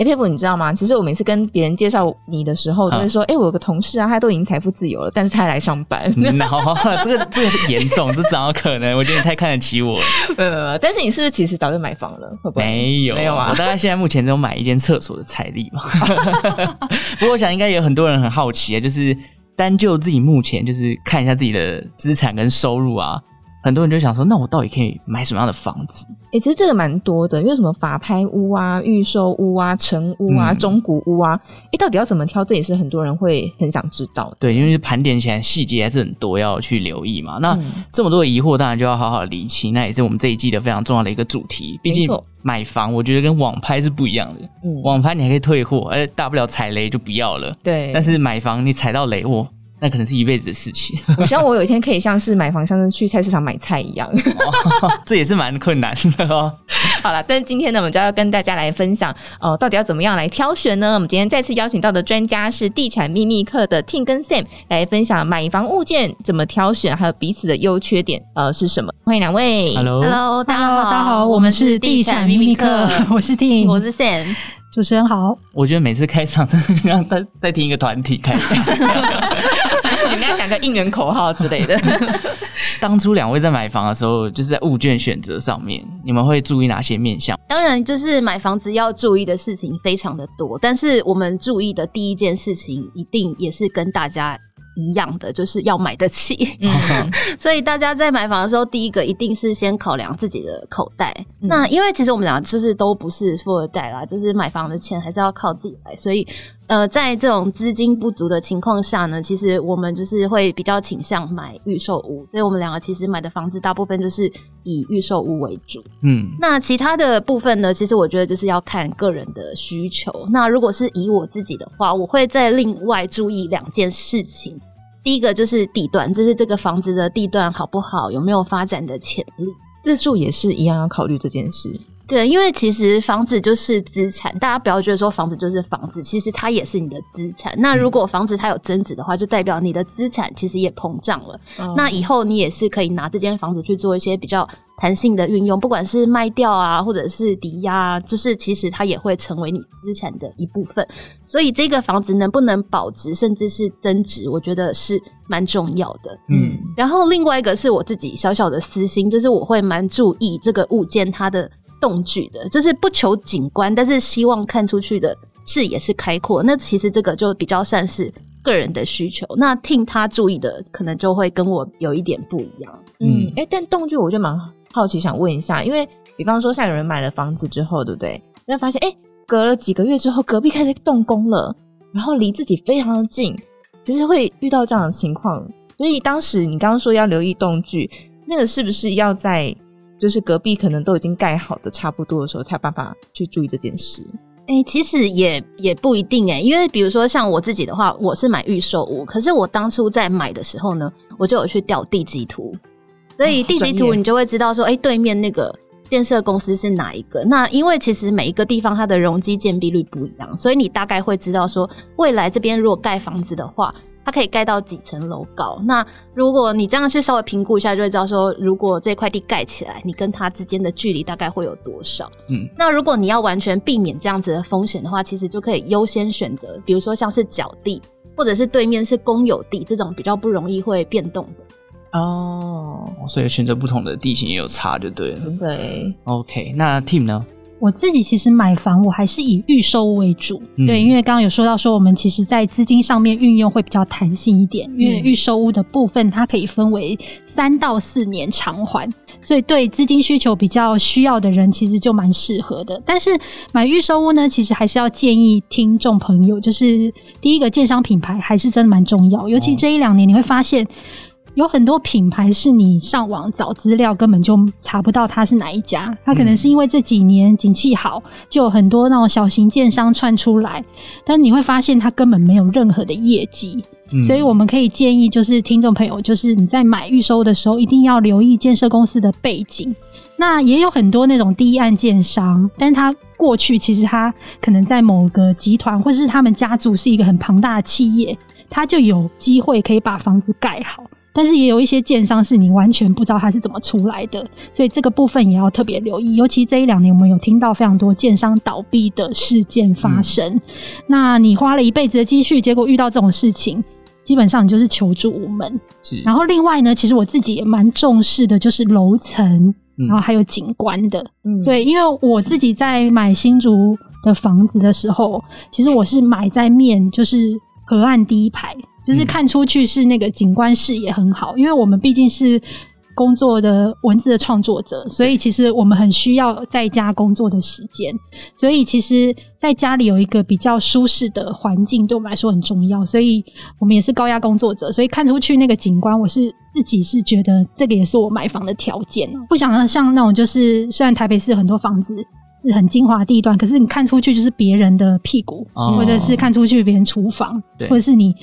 哎、欸、沛甫，你知道嗎？其實我每次跟別人介紹你的時候，都會說：哎、啊欸，我有個同事啊，他都已經財富自由了，但是他還來上班。no，、嗯、這個這個嚴重， 這怎麼可能？我覺得你太看得起我了。 沒但是你是不是其實早就買房了？會不會？沒有沒有啊，我大家現在目前只有買一間廁所的財力嘛。 不過我想應該有很多人很好奇啊，就是單就自己目前，就是看一下自己的資產跟收入啊。很多人就想說，那我到底可以買什麼樣的房子？哎、欸，其實這個蠻多的，因為什麼法拍屋啊、預售屋啊、成屋啊、嗯、中古屋啊，哎、欸，到底要怎麼挑？這也是很多人會很想知道的。對，因為盤點起來細節還是很多要去留意嘛。那、嗯、這麼多的疑惑，當然就要好好理清。那也是我們這一季的非常重要的一個主題。畢竟，買房我覺得跟網拍是不一樣的、嗯。網拍你還可以退貨，而且大不了踩雷就不要了。對。但是買房，你踩到雷我。那可能是一輩子的事情。我希望我有一天可以像是買房，像是去菜市場買菜一樣 哦。這也是蠻困難的哦。 好了，但是今天呢，我們就要跟大家來分享，呃，到底要怎麼樣來挑選呢？我們今天再次邀請到的專家是地產秘密課的 Ting 跟 Sam 來分享買房物件怎麼挑選，還有彼此的優缺點呃是什麼？歡迎兩位。Hello，Hello，Hello, 大家好，大家好，我們是地產秘密課，我是， 是 Ting，我是 Sam。 主持人好，我覺得每次開場都要再聽一個團體開場，你 們要講個應援口號之類的。 當初兩位在買房的時候，就是在物件選擇上面，你們會注意哪些面向？當然，就是買房子要注意的事情非常的多，但是我們注意的第一件事情，一定也是跟大家。一樣的，就是要買得起，嗯哼。 所以大家在買房的時候，第一個一定是先考量自己的口袋。嗯。那因為其實我們倆就是都不是富二代啦，就是買房的錢還是要靠自己來，所以。呃，在這種資金不足的情況下呢，其實我們就是會比較傾向買預售屋，所以我們兩個其實買的房子大部分就是以預售屋為主。嗯，那其他的部分呢，其實我覺得就是要看個人的需求。那如果是以我自己的話，我會再另外注意兩件事情，第一個就是地段，就是這個房子的地段好不好，有沒有發展的潛力。自住也是一樣要考慮這件事。對，因為其實房子就是資產，大家不要覺得說房子就是房子，其實它也是你的資產。那如果房子它有增值的話，就代表你的資產其實也膨脹了。嗯。那以後你也是可以拿這間房子去做一些比較彈性的運用，不管是賣掉啊，或者是抵押啊，就是其實它也會成為你資產的一部分。所以這個房子能不能保值，甚至是增值，我覺得是蠻重要的。嗯，然後另外一個是我自己小小的私心，就是我會蠻注意這個物件它的。棟距的，就是不求景觀，但是希望看出去的視野是開闊。那其實這個就比較算是個人的需求。那 Ting 他注意的，可能就會跟我有一點不一樣。嗯，哎、欸，但棟距我就蠻好奇，想問一下，因為比方說像有人買了房子之後，對不對？那發現哎、欸，隔了幾個月之後，隔壁開始動工了，然後離自己非常的近，其實會遇到這樣的情況。所以當時你剛剛說要留意棟距，那個是不是要在？就是隔壁可能都已經蓋好的差不多的時候，才有辦法去注意這件事。誒、欸，其實也也不一定誒、欸，因為比如說像我自己的話，我是買預售屋，可是我當初在買的時候呢，我就有去調地籍圖，所以地籍圖你就會知道說，誒、嗯欸，對面那個建設公司是哪一個。那因為其實每一個地方它的容積建蔽率不一樣，所以你大概會知道說，未來這邊如果蓋房子的話。它可以蓋到幾層樓高？那如果你這樣去稍微評估一下，就會知道說，如果這塊地蓋起來，你跟它之間的距離大概會有多少？嗯，那如果你要完全避免這樣子的風險的話，其實就可以優先選擇，比如說像是角地，或者是對面是公有地這種比較不容易會變動的。哦，所以選擇不同的地形也有差就對了，對不對？OK，那 Ting 呢？我自己其實買房，我還是以預售為主，對，因為剛剛有說到說，我們其實，在資金上面運用會比較彈性一點，因為預售屋的部分，它可以分為三到四年償還，所以對資金需求比較需要的人，其實就蠻適合的。但是買預售屋呢，其實還是要建議聽眾朋友，就是第一個建商品牌還是真的蠻重要，尤其這一兩年你會發現。有很多品牌是你上網找資料根本就查不到它是哪一家，它可能是因為這幾年景氣好，嗯，就有很多那種小型建商竄出來，但你會發現它根本沒有任何的業績，嗯，所以我們可以建議就是聽眾朋友，就是你在買預售的時候一定要留意建設公司的背景。那也有很多那種第一案建商，但他過去其實他可能在某個集團或是他們家族是一個很龐大的企業，他就有機會可以把房子蓋好。但是也有一些建商是你完全不知道它是怎麼出來的，所以這個部分也要特別留意。尤其這一兩年，我們有聽到非常多建商倒閉的事件發生。嗯、那你花了一輩子的積蓄，結果遇到這種事情，基本上你就是求助無門。是。然後另外呢，其實我自己也蠻重視的，就是樓層，然後還有景觀的。嗯。對，因為我自己在買新竹的房子的時候，其實我是買在面，就是河岸第一排。就是看出去是那個景觀視野很好，因為我們畢竟是工作的文字的創作者，所以其實我們很需要在家工作的時間，所以其實在家裡有一個比較舒適的環境對我們來說很重要，所以我們也是高壓工作者，所以看出去那個景觀，我是自己是覺得這個也是我買房的條件，不想要像那種就是雖然台北市很多房子。是很精華地段，可是你看出去就是別人的屁股、嗯，或者是看出去別人廚房，或者是你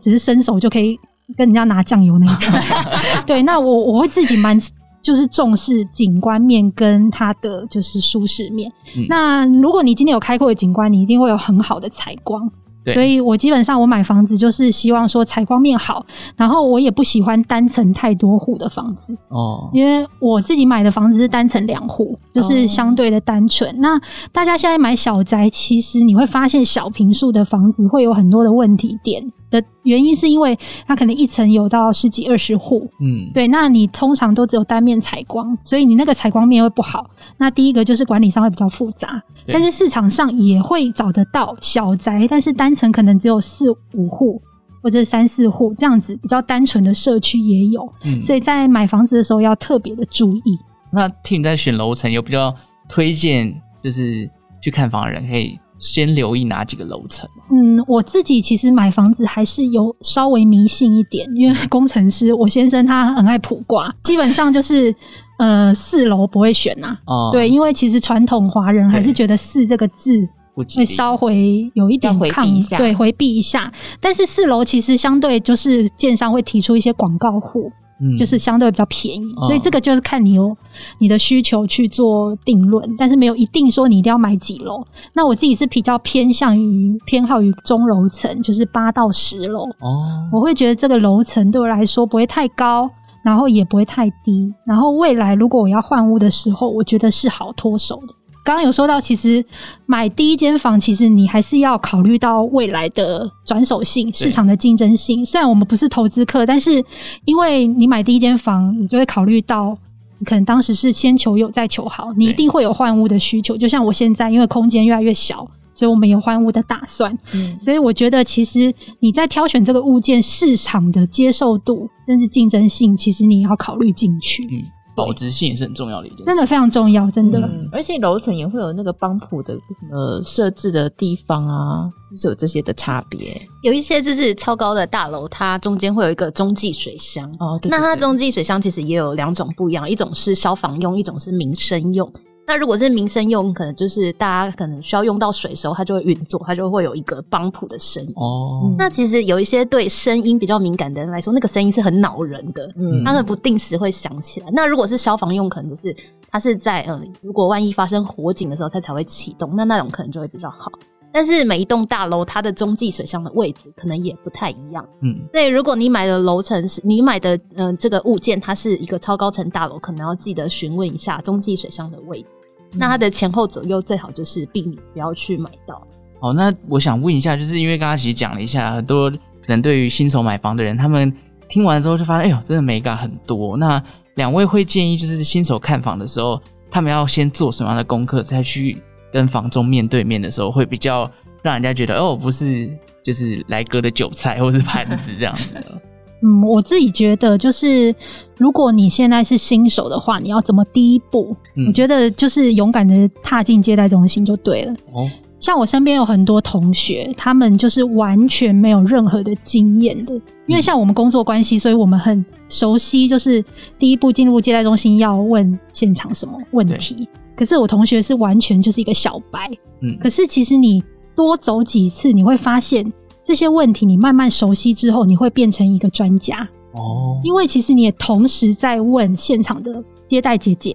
只是伸手就可以跟人家拿醬油那種。 對，那我我會自己蠻就是重視景觀面跟它的就是舒適面、嗯。那如果你今天有開闊的景觀，你一定會有很好的採光。所以我基本上我買房子就是希望說，採光面好，然後我也不喜歡單層太多戶的房子哦，因為我自己買的房子是單層兩戶，就是相對的單純。哦。那大家現在買小宅，其實你會發現小坪數的房子會有很多的問題點。的原因是因為它可能一層有到十幾二十戶，嗯，對，那你通常都只有單面採光，所以你那個採光面會不好。那第一個就是管理上會比較複雜，但是市場上也會找得到小宅，但是單層可能只有四五戶或者三四戶這樣子比較單純的社區也有，嗯，所以在買房子的時候要特別的注意。那 Ting 你在選樓層有比較推薦，就是去看房的人可以先留意哪幾個樓層？嗯，我自己其實買房子還是有稍微迷信一點，因為工程師我先生他很愛卜卦、嗯，基本上就是 呃四樓不會選吶、啊。哦，對，因為其實傳統華人還是覺得四這個字、欸、會稍微有一點抗拒，對，回避一下。但是四樓其實相對就是建商會提出一些廣告戶。就是相對比較便宜，嗯，所以這個就是看你有你的需求去做定論，嗯，但是沒有一定說你一定要買幾樓。那我自己是比較偏向於偏好於中樓層，就是八到十樓。哦，我會覺得這個樓層對我來說不會太高，然後也不會太低。然後未來如果我要換屋的時候，我覺得是好脫手的。剛剛有說到，其實買第一間房，其實你還是要考慮到未來的轉手性、市場的競爭性。雖然我們不是投資客，但是因為你買第一間房，你就會考慮到，可能當時是先求有再求好，你一定會有換屋的需求。就像我現在，因為空間越來越小，所以我們有換屋的打算。嗯。所以我覺得，其實你在挑選這個物件，市場的接受度，甚至競爭性，其實你也要考慮進去。嗯。保值性也是很重要的一點，真的非常重要，真的。嗯，而且樓層也會有那個幫浦的呃設置的地方啊，就是有這些的差別。有一些就是超高的大樓，它中間會有一個中繼水箱，哦，對對對。那它中繼水箱其實也有兩種不一樣，一種是消防用，一種是民生用。那如果是民生用，可能就是大家可能需要用到水的時候，它就會運作，它就會有一個幫浦的聲音。哦、oh.。那其實有一些對聲音比較敏感的人來說，那個聲音是很惱人的。嗯。他們不定時會響起來。那如果是消防用，可能就是它是在嗯，如果萬一發生火警的時候，它才會啟動。那那種可能就會比較好。但是每一棟大樓它的中繼水箱的位置可能也不太一樣。嗯。所以如果你買的樓層是你買的嗯這個物件，它是一個超高層大樓，可能要記得詢問一下中繼水箱的位置。那它的前後左右最好就是避免不要去買到。哦、嗯，那我想問一下，就是因為剛剛其實講了一下，很多人對於新手買房的人，他們聽完之後就發現，哎呦，真的美感很多。那兩位會建議，就是新手看房的時候，他們要先做什麼樣的功課，再去跟房仲面對面的時候，會比較讓人家覺得，哦、欸，不是就是來割的韭菜或是盤子這樣子的。 嗯，我自己覺得就是，如果你現在是新手的話，你要怎麼第一步？我、嗯、覺得就是勇敢的踏進接待中心就對了。哦，像我身邊有很多同學，他們就是完全沒有任何的經驗的。因為像我們工作關係，所以我們很熟悉，就是第一步進入接待中心要問現場什麼問題。可是我同學是完全就是一個小白。嗯，可是其實你多走幾次，你會發現。這些問題你慢慢熟悉之後，你會變成一個專家哦。Oh. 因為其實你也同時在問現場的接待姐姐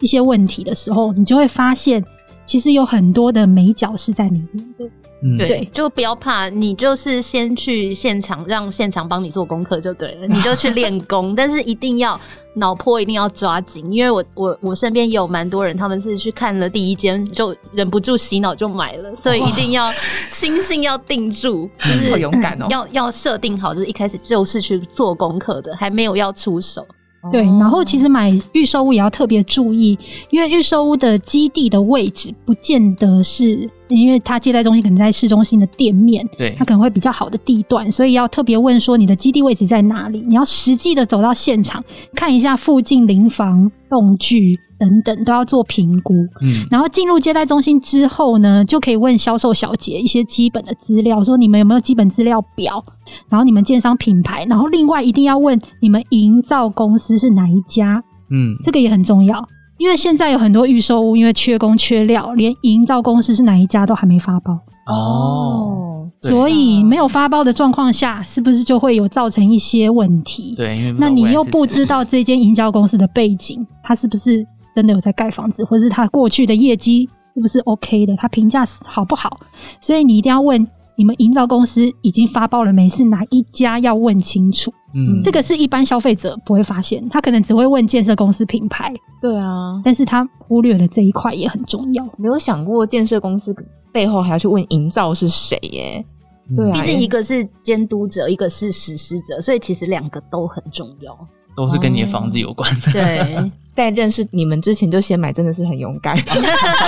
一些問題的時候，你就會發現，其實有很多的眉角是在裡面的。嗯、對，就不要怕，你就是先去現場，讓現場幫你做功課就對了，你就去練功， 但是一定要腦波一定要抓緊，因為我我我身邊也有蠻多人，他們是去看了第一間就忍不住洗腦就買了，所以一定要心性要定住，就是、嗯、勇敢哦，要要設定好，就是一開始就是去做功課的，還沒有要出手。對，然後其實買預售屋也要特別注意，因為預售屋的基地的位置不見得是，因為它接待中心可能在市中心的店面，對，它可能會比較好的地段，所以要特別問說你的基地位置在哪裡？你要實際的走到現場看一下附近鄰房棟距。等等都要做評估，嗯，然後進入接待中心之後呢，就可以問銷售小姐一些基本的資料，說你們有沒有基本資料表？然後你們建商品牌，然後另外一定要問你們營造公司是哪一家？嗯，這個也很重要，因為現在有很多預售屋，因為缺工缺料，連營造公司是哪一家都還沒發包哦、啊，所以沒有發包的狀況下，是不是就會有造成一些問題？對，因為那你又不知道，不知道這間營造公司的背景，他是不是？真的有在蓋房子，或者是他過去的業績是不是 OK 的？他評價好不好？所以你一定要問，你們營造公司已經發包了沒？是哪一家要問清楚。嗯，這個是一般消費者不會發現，他可能只會問建設公司品牌。對啊，但是他忽略了這一塊也很重要。沒有想過建設公司背後還要去問營造是誰耶？嗯，對啊，畢竟一個是監督者，一個是實施者，所以其實兩個都很重要。都是跟你的房子有關的，oh。對， 在認識你們之前就先買，真的是很勇敢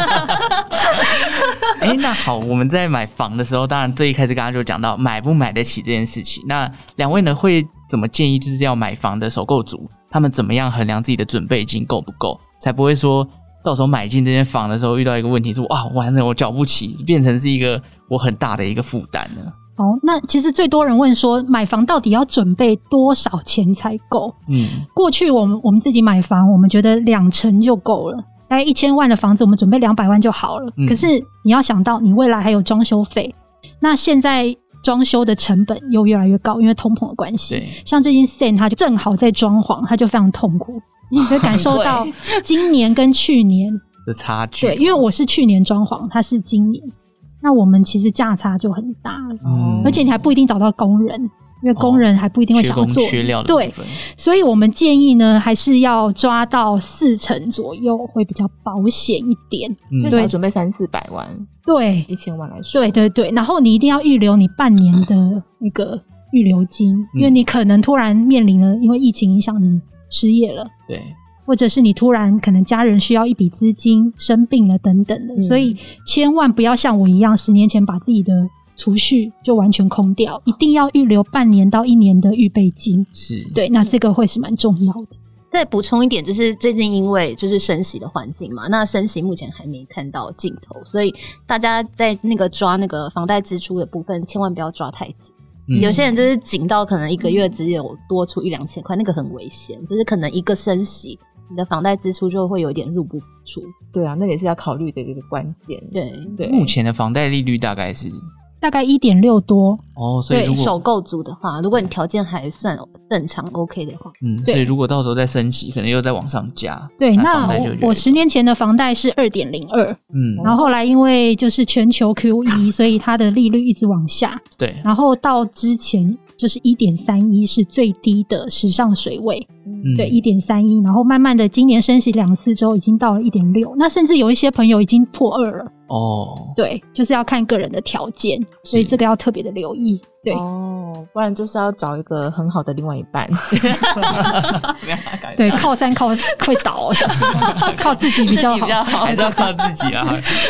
。哎、 欸，那好，我們在買房的時候，當然最一開始剛剛就講到買不買得起這件事情。那兩位呢，會怎麼建議就是要買房的首購族，他們怎麼樣衡量自己的準備金夠不夠，才不會說到時候買進這間房的時候遇到一個問題是，是哇，完了我繳不起，變成是一個我很大的一個負擔呢？好、哦，那其實最多人問說，買房到底要準備多少錢才夠？嗯，過去我們我們自己買房，我們覺得兩成就夠了，大概一千萬的房子，我們準備兩百萬就好了，嗯。可是你要想到，你未來還有裝修費，那現在裝修的成本又越來越高，因為通膨的關係。像最近 Sam 他就正好在裝潢，他就非常痛苦。你可以感受到今年跟去年的差距？對，因為我是去年裝潢，他是今年。那我們其實價差就很大了，嗯，而且你還不一定找到工人，因為工人還不一定會想要做。缺工缺料的部分。對，所以我們建議呢，還是要抓到四成左右會比較保險一點，至、嗯、少準備三四百萬，對，一千萬來說。對對對，然後你一定要預留你半年的一個預留金，嗯，因為你可能突然面臨了，因為疫情影響你失業了，對。或者是你突然可能家人需要一筆資金，生病了等等的、嗯，所以千萬不要像我一樣十年前把自己的儲蓄就完全空掉，啊、一定要預留半年到一年的預備金。是對，那這個會是蠻重要的。嗯、再補充一點，就是最近因為就是升息的環境嘛，那升息目前還沒看到盡頭，所以大家在那個抓那個房貸支出的部分，千萬不要抓太緊、嗯。有些人就是緊到可能一個月只有多出一兩千塊、嗯，那個很危險，就是可能一個升息，你的房貸支出就會有一點入不敷出，對啊，那也是要考慮的一個關鍵。對對，目前的房貸利率大概是大概一點六多哦，所以如果首購族的話，如果你條件還算正常 OK 的話，嗯，所以如果到時候再升息，可能又再往上加。對，那房貸就會越來越多。我我十年前的房貸是二點零二，嗯，然後後來因為就是全球 QE 所以它的利率一直往下，對，然後到之前。就是一點三一，是最低的時尚水位。嗯，對，一點三一，然後慢慢的，今年升息兩次之後，已經到了一點六。那甚至有一些朋友已經破二了。哦，對，就是要看個人的條件，所以這個要特別的留意。對哦，oh, 不然就是要找一個很好的另外一半。對， 對靠山靠會倒， 靠自己， 自己比較好，還是要靠自己啊！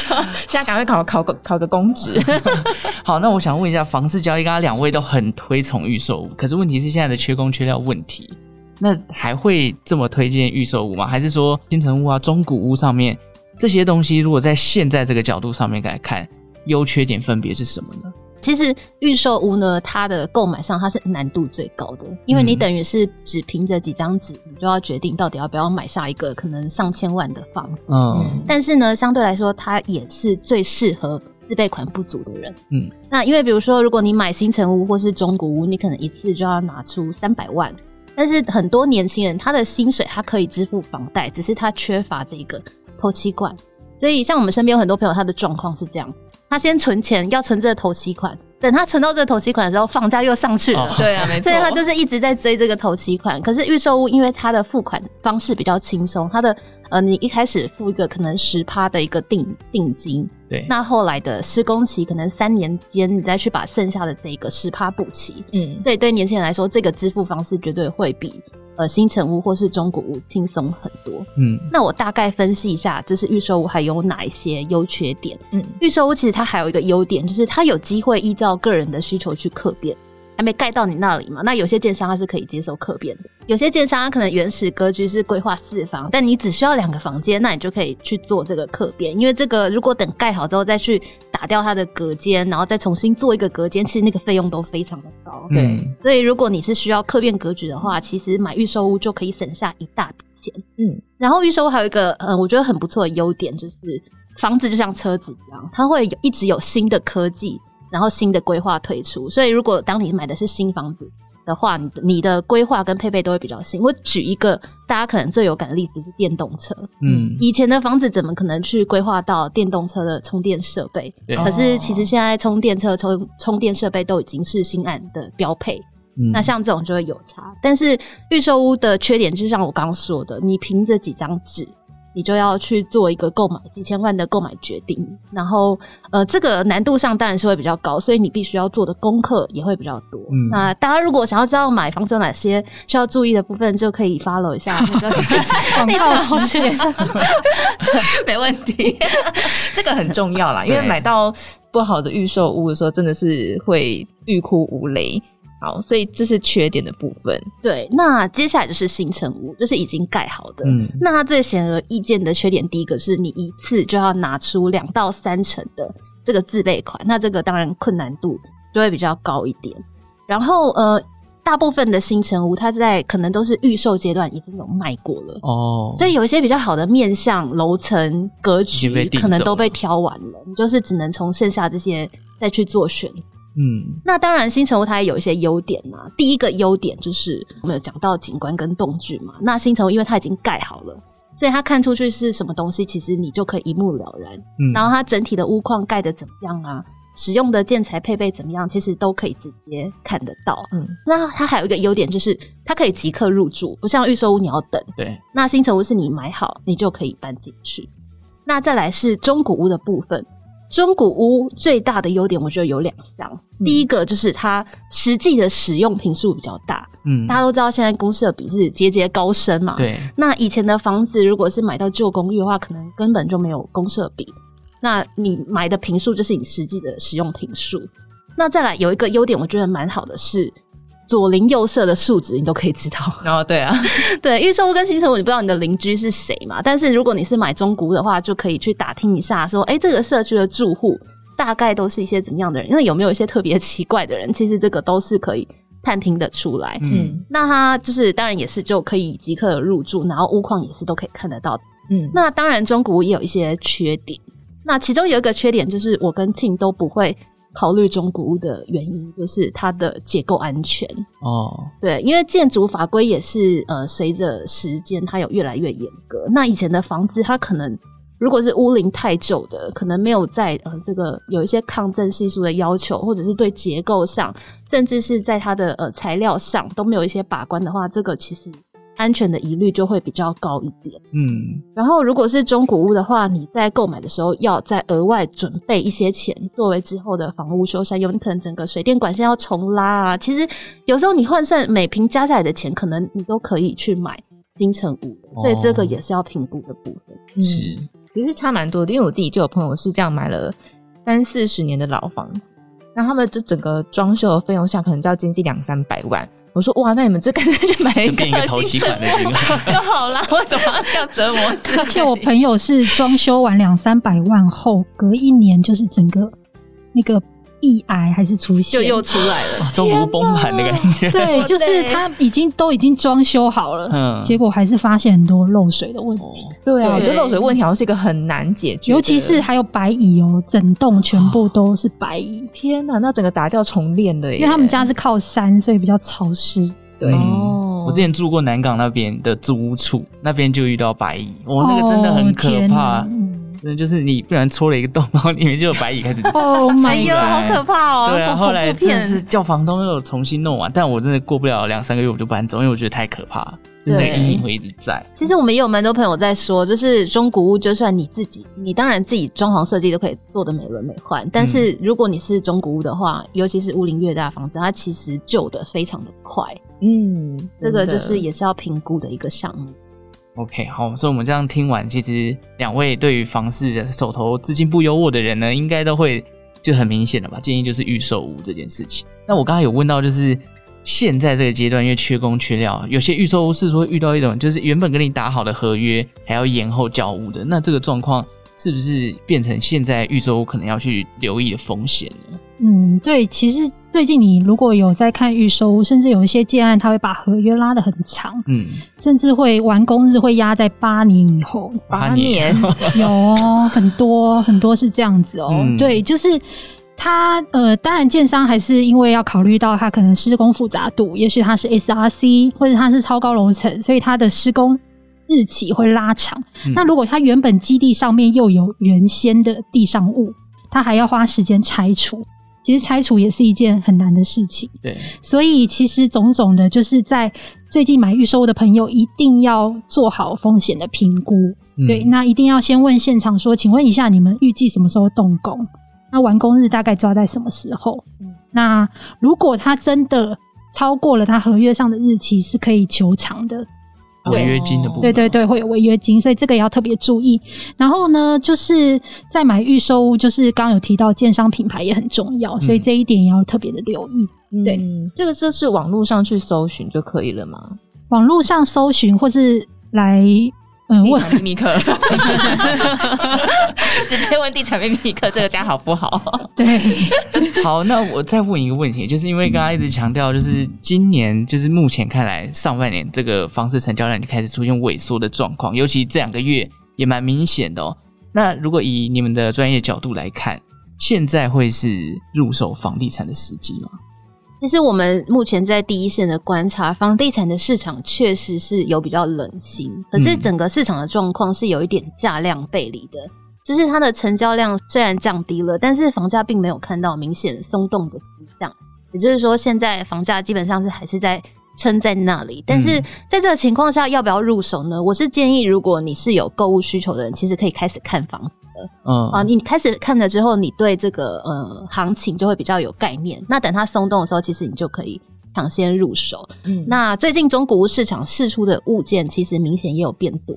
現在趕快考考考個公職。 好，那我想問一下，房市交易，剛剛兩位都很推崇預售屋，可是問題是現在的缺工缺料問題，那還會這麼推薦預售屋嗎？還是說新成屋啊、中古屋上面這些東西，如果在現在這個角度上面給來看，優缺點分別是什麼呢？其實預售屋呢，它的購買上它是難度最高的，因為你等於是只憑着幾張紙，嗯、你就要決定到底要不要買下一個可能上千萬的房子。嗯、哦，但是呢，相對來說，它也是最適合自備款不足的人。嗯，那因為比如說，如果你買新成屋或是中古屋，你可能一次就要拿出三百萬，但是很多年輕人他的薪水他可以支付房貸，只是他缺乏這一個頭期款。所以，像我們身邊有很多朋友，他的狀況是這樣。他先存錢，要存這個頭期款。等他存到這個頭期款的時候，房價又上去了。Oh, 對啊，沒錯。所以他就是一直在追這個頭期款。可是預售屋，因為他的付款方式比較輕鬆，他的呃，你一開始付一個可能十趴的一個定定金。對。那後來的施工期可能三年間，你再去把剩下的這個十趴補齊。嗯。所以對年輕人來說，這個支付方式絕對會比。呃，新成屋或是中古屋輕鬆很多。嗯，那我大概分析一下，就是預售屋還有哪一些優缺點？嗯，預售屋其實它還有一個優點，就是它有機會依照個人的需求去客變。還沒蓋到你那裡嘛。那有些建商他是可以接受客變的，有些建商他可能原始格局是規劃四房，但你只需要兩個房間，那你就可以去做這個客變。因為這個如果等蓋好之後再去打掉它的隔間，然後再重新做一個隔間，其實那個費用都非常的高。嗯。對，所以如果你是需要客變格局的話，其實買預售屋就可以省下一大筆錢。嗯，然後預售屋還有一個嗯，我覺得很不錯的優點就是，房子就像車子一樣，它會有一直有新的科技。然後新的規劃推出，所以如果當你買的是新房子的話，你你的規劃跟配備都會比較新。我舉一個大家可能最有感的例子是電動車，嗯，以前的房子怎麼可能去規劃到電動車的充電設備？對。可是其實現在充電車充充電設備都已經是新案的標配。嗯，那像這種就會有差。但是預售屋的缺點就是像我剛剛說的，你憑着幾張紙。你就要去做一個，購買幾千萬的購買決定，然後呃，這個難度上當然是會比較高，所以你必須要做的功課也會比較多。嗯。那大家如果想要知道買房子有哪些需要注意的部分，就可以 follow 一下。廣告時間， 道 沒問題， 這個很重要啦，因為買到不好的預售屋的時候，真的是會欲哭無淚。好，所以這是缺點的部分。對，那接下來就是新成屋，就是已經蓋好的。嗯，那最顯而易見的缺點，第一個是你一次就要拿出兩到三成的這個自備款，那這個當然困難度就會比較高一點。然後呃，大部分的新成屋，它在可能都是預售階段已經有賣過了哦，所以有一些比較好的面向、樓層、格局，可能都被挑完了，了你就是只能從剩下這些再去做選擇。嗯，那當然，新成屋它也有一些優點呢、啊。第一個優點就是我們有講到景觀跟棟距嘛。那新成屋因為它已經蓋好了，所以它看出去是什麼東西，其實你就可以一目了然、嗯。然後它整體的屋況蓋得怎麼樣啊？使用的建材配備怎麼樣？其實都可以直接看得到。嗯，那它還有一個優點就是它可以即刻入住，不像預售屋你要等。對，那新成屋是你買好，你就可以搬進去。那再來是中古屋的部分。中古屋最大的優點，我覺得有兩項、嗯。第一個就是它實際的使用坪數比較大。嗯，大家都知道現在公設比是節節高升嘛。對。那以前的房子，如果是買到舊公寓的話，可能根本就沒有公設比。那你買的坪數就是你實際的使用坪數。那再來有一個優點，我覺得蠻好的是。左鄰右舍的素質你都可以知道然、哦、後對啊， 對，因為預售屋跟新成屋你不知道你的鄰居是誰嘛。但是如果你是買中古的話，就可以去打聽一下，說，誒、欸，這個社區的住戶大概都是一些怎麼樣的人？因為有沒有一些特別奇怪的人？其實這個都是可以探聽得出來。嗯，那他就是當然也是就可以即刻入住，然後屋況也是都可以看得到的。嗯，那當然中古也有一些缺點，那其中有一個缺點就是我跟 Ting 都不會。考慮中古屋的原因，就是它的結構安全哦。Oh. 對，因為建築法規也是呃，隨着時間它有越來越嚴格。那以前的房子，它可能如果是屋齡太久的，可能沒有在呃這個有一些抗震係數的要求，或者是對結構上，甚至是在它的呃材料上都沒有一些把關的話，這個其實。安全的疑慮就會比較高一點。嗯，然後如果是中古屋的話，你在購買的時候要再額外準備一些錢，作為之後的房屋修繕，有你可能整個水電管線要重拉啊。其實有時候你換算每坪加起來的錢，可能你都可以去買新成屋、哦、所以這個也是要評估的部分。嗯，其實差蠻多的，因為我自己就有朋友是這樣買了三四十年的老房子，那他們這整個裝修的費用下可能就要接近兩三百萬。我說哇，那你們這乾脆就買一個新成屋就、， 啊、就好了，為什麼要這樣折磨？而且我朋友是裝修完兩三百萬後，隔一年就是整個那個。易癌還是出現，就又出來了，哦、中途崩盤的感覺。對，就是他已經都已經裝修好了，嗯，結果還是發現很多漏水的問題。哦、對啊對，就漏水問題好像是一個很難解決的，尤其是還有白蟻哦，整棟全部都是白蟻、哦，天啊，那整個打掉重練的。因為他們家是靠山，所以比較潮濕。對、嗯，我之前住過南港那邊的租屋處，那邊就遇到白蟻，哇、哦哦，那個真的很可怕。真的就是你，不然戳了一個洞，然後裡面就有白蟻開始哦，媽、oh、呀、啊，好可怕哦！對啊，後來真是叫房東又重新弄完，但我真的過不了兩三個月我就搬走，因為我覺得太可怕了，的一、就是那個陰影會一直在。其實我們也有蠻多朋友在說，就是中古屋，就算你自己，你當然自己裝潢設計都可以做的美輪美奐，但是如果你是中古屋的話，尤其是屋齡越大，房子它其實舊的非常的快。嗯，這個就是也是要評估的一個項目。OK，好，所以我們這樣聽完，其實兩位對於房市的手頭資金不優渥的人呢，應該都會就很明顯了吧？建議就是預售屋這件事情。那我剛才有問到，就是現在這個階段，因為缺工缺料，有些預售屋是說遇到一種，就是原本跟你打好的合約還要延後交屋的，那這個狀況。是不是變成現在預售屋可能要去留意的風險呢？嗯，對，其實最近你如果有在看預售屋，甚至有一些建案他會把合約拉得很長，嗯，甚至會完工日會壓在八年以後。八年，八年 有很多很多是這樣子哦、喔嗯。對，就是他呃，當然建商還是因為要考慮到他可能施工複雜度，也許他是 SRC 或者他是超高樓層，所以他的施工。日期會拉長，嗯。那如果他原本基地上面又有原先的地上物，他還要花時間拆除。其實拆除也是一件很難的事情。對。所以其實種種的，就是在最近買預售的朋友，一定要做好風險的評估，嗯。對。那一定要先問現場說，請問一下，你們預計什麼時候動工？那完工日大概抓在什麼時候？嗯、那如果他真的超過了他合約上的日期，是可以求償的。違約金的部分，對對對，會有違約金，所以這個也要特別注意。然後呢，就是在買預售屋，就是剛剛有提到建商品牌也很重要，所以這一點也要特別的留意。嗯，對。嗯，這個就是網絡上去搜尋就可以了嗎？網絡上搜尋或是來。問秘密客，嗯、 直接問地產秘密客，這個家好不好？對，好。那我再問一個問題，就是因為剛剛一直強調，就是今年就是目前看來上半年這個房市成交量就開始出現萎縮的狀況，尤其這兩個月也蠻明顯的哦。那如果以你們的專業角度來看，現在會是入手房地產的時機嗎？其實我們目前在第一線的觀察，房地產的市場確實是有比較冷清，可是整個市場的狀況是有一點價量背離的，嗯、就是它的成交量雖然降低了，但是房價並沒有看到明顯鬆動的跡象，也就是說現在房價基本上是還是在撐在那裡。但是在這個情況下，要不要入手呢？我是建議，如果你是有購物需求的人，其實可以開始看房嗯啊，你開始看了之後，你對這個呃行情就會比較有概念。那等它鬆動的時候，其實你就可以搶先入手。嗯，那最近中古屋市場釋出的物件，其實明顯也有變多。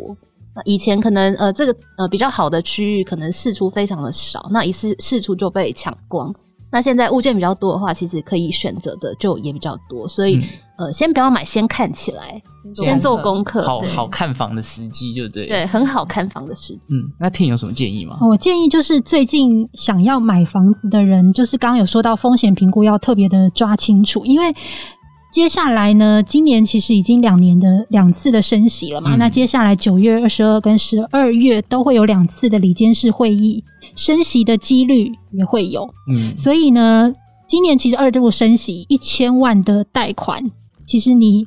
那以前可能呃這個呃比較好的區域，可能釋出非常的少，那一次釋出就被搶光。那現在物件比較多的話，其實可以選擇的就也比較多，所以。嗯呃，先不要買，先看起來，先做功課，好好看房的時機，對不對？對，很好看房的時機。嗯，那 Ting 有什麼建議嗎？我建議就是最近想要買房子的人，就是剛剛有說到風險評估要特別的抓清楚，因為接下來呢，今年其實已經兩年的兩次的升息了嘛。嗯，那接下來九月二十二跟十二月都會有兩次的理監事會議，升息的幾率也會有。嗯，所以呢，今年其實二度升息一千萬的貸款。其實你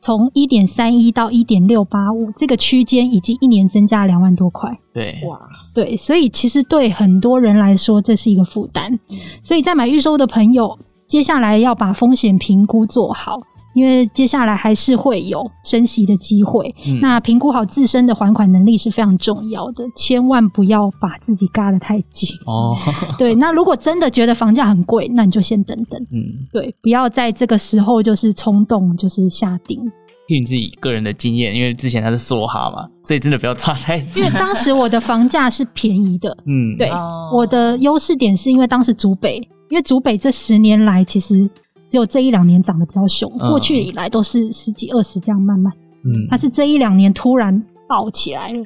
從一點三一到一點六八五這個區間，已經一年增加了兩萬多塊。對，哇，對，所以其實對很多人來說，這是一個負擔。所以在買預售的朋友，接下來要把風險評估做好。因為接下來還是會有升息的機會，嗯、那評估好自身的還款能力是非常重要的，千萬不要把自己嘎得太緊。哦，對，那如果真的覺得房價很貴，那你就先等等。嗯，對，不要在這個時候就是衝動就是下定。憑你自己個人的經驗，因為之前他是梭哈嘛，所以真的不要差太緊。因為當時我的房價是便宜的，嗯，對，哦、我的優勢點是因為當時竹北，因為竹北這十年來其實。就這一兩年漲得比較凶，uh, 過去以來都是十幾二十這樣慢慢，嗯，它是這一兩年突然爆起來了，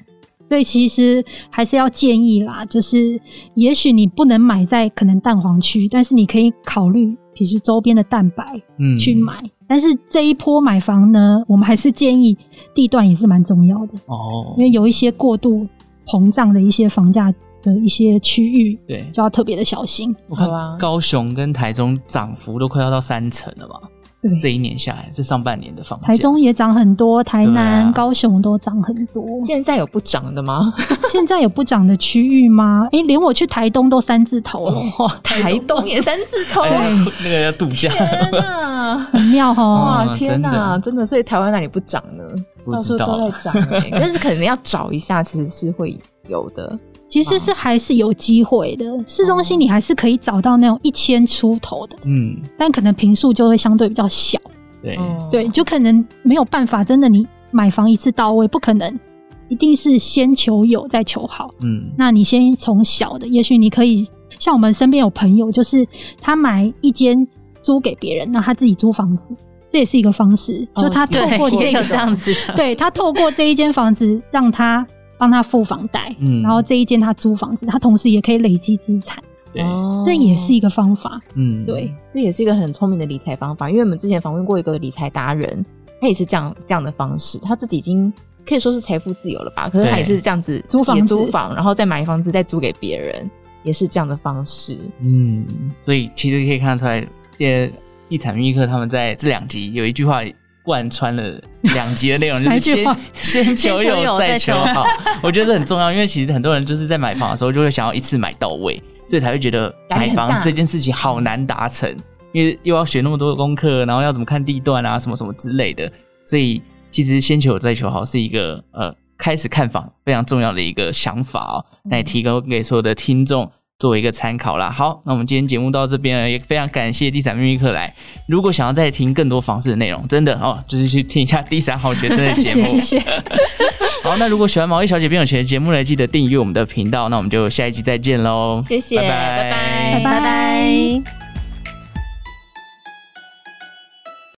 所以其實還是要建議啦，就是也許你不能買在可能蛋黃區，但是你可以考慮，比如說周邊的蛋白，嗯，去買。但是這一波買房呢，我們還是建議地段也是蠻重要的哦，oh. 因為有一些過度膨脹的一些房價。的一些區域，對，就要特別的小心。我看高雄跟台中漲幅都快要到三成了嘛。對，這一年下來，這上半年的房，台中也漲很多，台南、啊、高雄都漲很多。現在有不漲的嗎？現在有不漲的區域嗎？哎、 欸，連我去台東都三字頭了，哦、台東、台東也三字頭， 要那個要度假。天、啊、 很妙哦。哇，天哪、啊，真的，所以台灣哪裡不漲呢？不知道到處都在漲、欸， 但是可能要找一下，其實是會有的。其實是還是有機會的、啊，市中心你還是可以找到那種一千出頭的，嗯，但可能坪數就會相對比較小，對、啊、對，就可能沒有辦法，真的你買房一次到位不可能，一定是先求有再求好，嗯，那你先從小的，也許你可以像我們身邊有朋友，就是他買一間租給別人，那他自己租房子，這也是一個方式，哦、就他透過這個這樣子，哦、對， 對他透過這一間房子讓他。幫他付房貸，嗯，然後這一間他租房子，他同時也可以累積資產，這也是一個方法。嗯，對，這也是一個很聰明的理財方法。因為我們之前訪問過一個理財達人，他也是這樣這樣的方式，他自己已經可以說是財富自由了吧？可是他也是這樣子租房子，租房子，然後再買房子再租給別人，也是這樣的方式。嗯，所以其實可以看得出來，這些地產秘密客他們在這兩集有一句話。貫穿了兩集的內容，就是先先求有再求好，我覺得這很重要，因為其實很多人就是在買房的時候就會想要一次買到位，所以才會覺得買房這件事情好難達成，因為又要學那麼多的功課，然後要怎麼看地段啊，什麼什麼之類的，所以其實先求有再求好是一個呃開始看房非常重要的一個想法哦，那也提高給所有的聽眾作為一個參考啦，好，那我們今天節目到這邊也非常感謝地產秘密客來。如果想要再聽更多房事的內容，真的哦，就是去聽一下地產好學生的節目。謝 謝。 好，那如果喜歡毛利小姐變有錢的節目呢，記得訂閱我們的頻道。那我們就下一集再見嘍。謝謝，拜拜拜拜。Bye bye bye bye